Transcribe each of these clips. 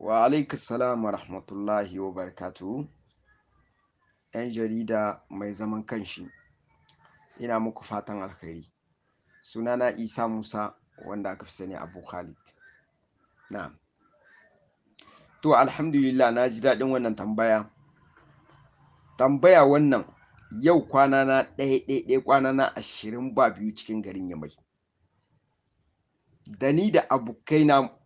wa salam wa rahmatullahi wa barkatu yan jarida mai zaman kanshi ina muku fatan alkhairi sunana isa musa wanda aka fi sani abu khalid na to alhamdulillah na ji daɗin wannan tambaya tambaya wannan yau kwana na ɗaya ɗaya ɗaya kwana na ashirin ba biyu cikin garin yamai da ni da abokaina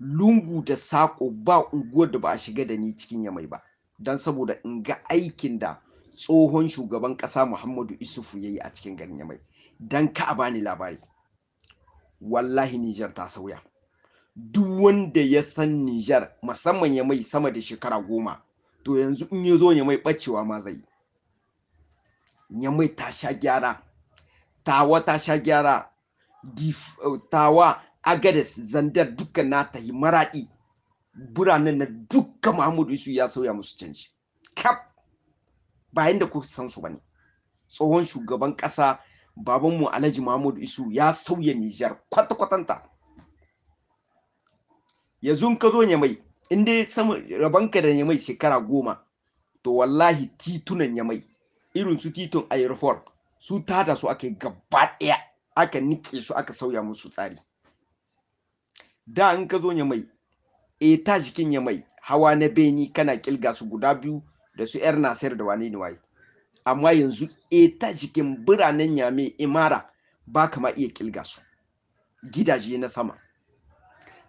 lungu da sako ba unguwar da ba a shiga da ni cikin yamai ba don saboda in ga aikin da tsohon shugaban ƙasa muhammadu isufu ya yi a cikin garin yamai don ka a bani labari wallahi nijar ta sauya duk wanda ya san nijar musamman yamai sama da shekara goma to yanzu in ya zo yamai ɓacewa ma zai yamai ta sha gyara tawa ta sha gyara tawa agares zandar dukkan na yi maraɗi biranen na duka Muhammadu Isu ya sauya musu canji kap bayan da kuka san su bane tsohon shugaban ƙasa babanmu Alhaji Muhammadu Isu ya sauya Nijar kwata-kwatanta yanzu ka zo Nyamai sama rabon ka da Nyamai shekara goma to wallahi titunan Nyamai irin su titun airport su tada su aka gaba ɗaya aka nike su aka sauya musu tsari da in ka zo ya mai eh, ta jikin ya mai hawa na beni kana kilga su guda biyu da su yar nasir da wani waye amma yanzu eh, ta jikin biranen ya mai imara ba kama iya kilga su gidaje na sama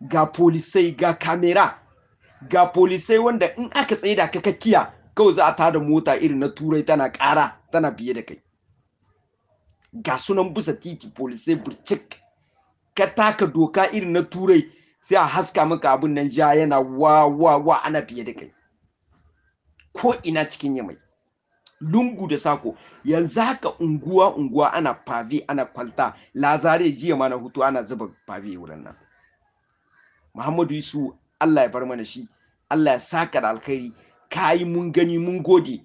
ga polisai ga kamera ga polisai wanda in aka tsaye da kakakkiya kawai za a tada mota irin na turai tana ƙara tana biye da kai ga sunan busa titi polisai burcik ka taka doka irin na turai sai a haska maka abin nan ja yana wa wa wa ana fiye da kai ko ina cikin yamai lungu da sako yanzu haka unguwa unguwa ana pave ana kwalta lazare jiya mana na hutu ana zuba pave wurin nan muhammadu yusu allah ya bar mana shi allah ya saka da alkhairi kayi mun gani mun gode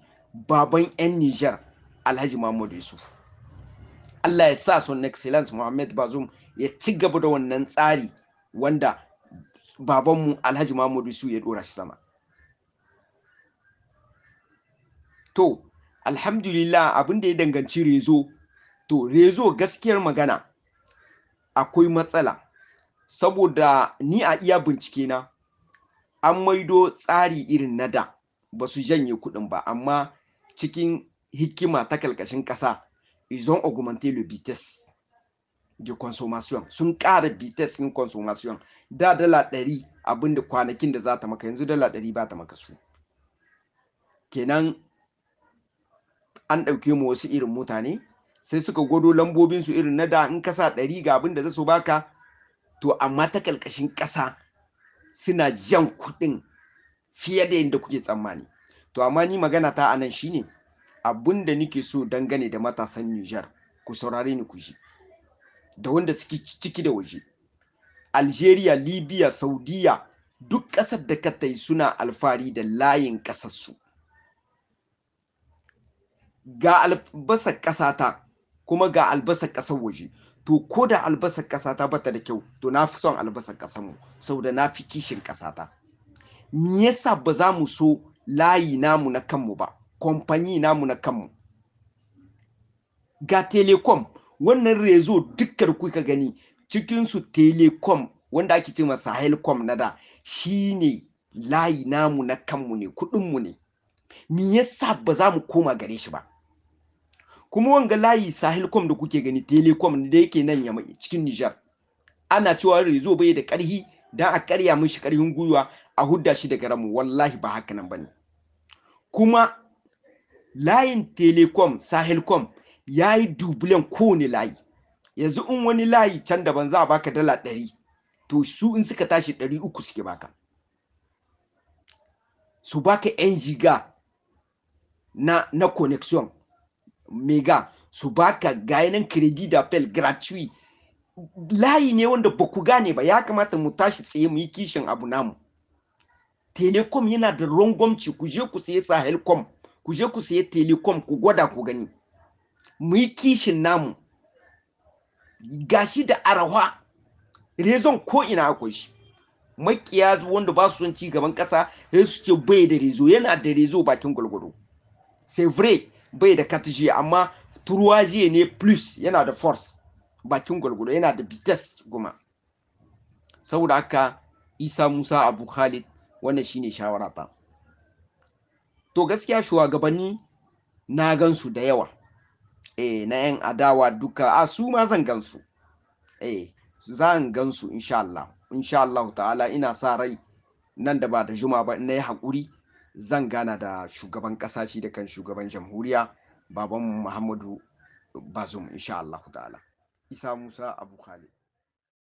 baban yan nijar alhaji muhammadu yusuf Allah ya sa son excellence Muhammad Bazoum ya ci gaba da wannan tsari wanda babanmu Alhaji Muhammadu Su ya dora shi sama to alhamdulillah abin da ya danganci rezo to rezo gaskiyar magana akwai matsala saboda ni a iya bincike na an maido tsari irin na da ba su janye kuɗin ba amma cikin hikima ta kalkashin ƙasa ils ont augmenté le vitesse de consommation sun ƙara vitesse in consommation da dala ɗari abinda kwanakin da za ta maka yanzu dala ɗari ba ta maka su kenan an ɗauke mu wasu irin mutane sai suka gwado lambobinsu irin na da in kasa ɗari ga abin da za su baka to amma ta ƙarƙashin ƙasa suna jan kuɗin fiye da yadda kuke tsammani to amma ni magana ta anan shine abun da nike so dangane da matasan Nijar ku saurare ni ku ji da wanda suke ciki da waje Algeria Libya Saudiya duk ƙasar da ka tai suna alfari da layin ƙasarsu ga albasar ƙasata kuma ga albasar ƙasar waje to ko da albasar ƙasata bata da kyau to na fi son albasar ƙasarmu saboda na fi kishin ƙasata me yasa ba za mu so layi namu na kanmu ba Kamfani namu na kanmu ga telecom wannan rezo dukkan kuka gani cikinsu telecom wanda ake ce masa helcom na da shi layi namu na kanmu ne kudinmu ne me yasa ba za mu koma gare shi ba kuma wanga layi sahelcom da kuke gani telecom da yake nan yamma cikin nijar ana cewa rezo bai da karhi dan a karya mishi karhin gwiwa a hudda shi daga ramu wallahi ba haka nan bane kuma layin telecom sahelcom ya yi dubulen kowane layi yanzu in wani layi can daban za a baka dala ɗari to su in suka tashi ɗari uku suke baka su baka yan giga na, na connection mega su baka gayanan credit da pel gratuit layi ne wanda ba ku gane ba ya kamata mu tashi tsaye mu yi kishin abu namu telecom yana da rangwamci ku je ku saye sahelcom ku je ku sayi telecom ku gwada ku gani mu yi kishin namu gashi da arawa rezon ko ina akwai shi makiya wanda ba su son ci gaban ƙasa, sai su ce bai da rezo yana da rezo bakin gwalgwado sai vrai bai da katishe amma turwaje ne plus yana da force bakin gwalgwado yana da vitesse goma saboda haka isa musa abu khalid wannan shine shawara ta to gaskiya shugabanni na gansu da yawa eh na yan adawa duka a su ma zan gansu eh zan gansu insha Allah insha Allah ta'ala ina sa rai nan da ba da juma ba na yi haƙuri zan gana da shugaban ƙasa da kan shugaban jamhuriya baban muhammadu bazum insha Allah ta'ala isa musa abu khalid